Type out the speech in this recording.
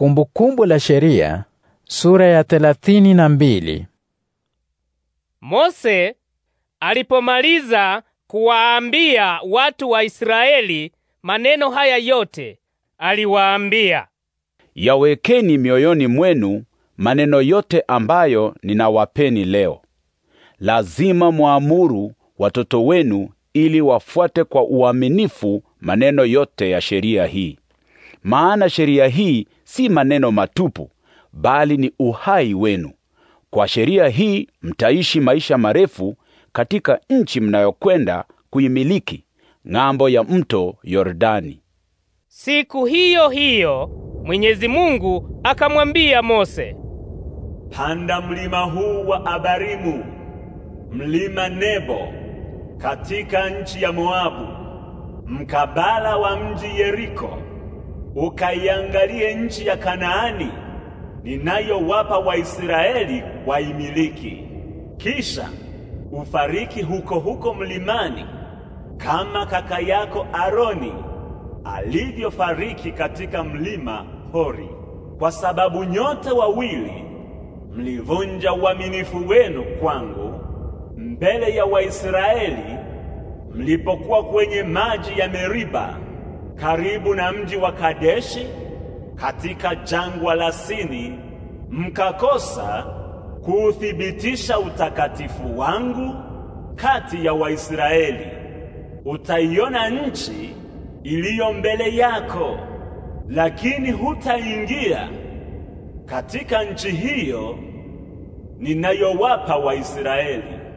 Kumbukumbu la Sheria sura ya thelathini na mbili. Mose alipomaliza kuwaambia watu wa Israeli maneno haya yote, aliwaambia, yawekeni mioyoni mwenu maneno yote ambayo ninawapeni leo. Lazima muamuru watoto wenu ili wafuate kwa uaminifu maneno yote ya sheria hii. Maana sheria hii si maneno matupu, bali ni uhai wenu. Kwa sheria hii mtaishi maisha marefu katika nchi mnayokwenda kuimiliki ng'ambo ya mto Yordani. Siku hiyo hiyo Mwenyezi Mungu akamwambia Mose, panda mlima huu wa Abarimu, mlima Nebo, katika nchi ya Moabu, mkabala wa mji Yeriko ukaiangalie nchi ya Kanaani ninayowapa Waisraeli waimiliki, kisha ufariki huko huko mlimani kama kaka yako Aroni alivyofariki katika mlima Hori, kwa sababu nyote wawili mlivunja uaminifu wenu kwangu mbele ya Waisraeli mlipokuwa kwenye maji ya Meriba karibu na mji wa Kadeshi katika jangwa la Sini, mkakosa kuuthibitisha utakatifu wangu kati ya Waisraeli. Utaiona nchi iliyo mbele yako, lakini hutaingia katika nchi hiyo ninayowapa Waisraeli.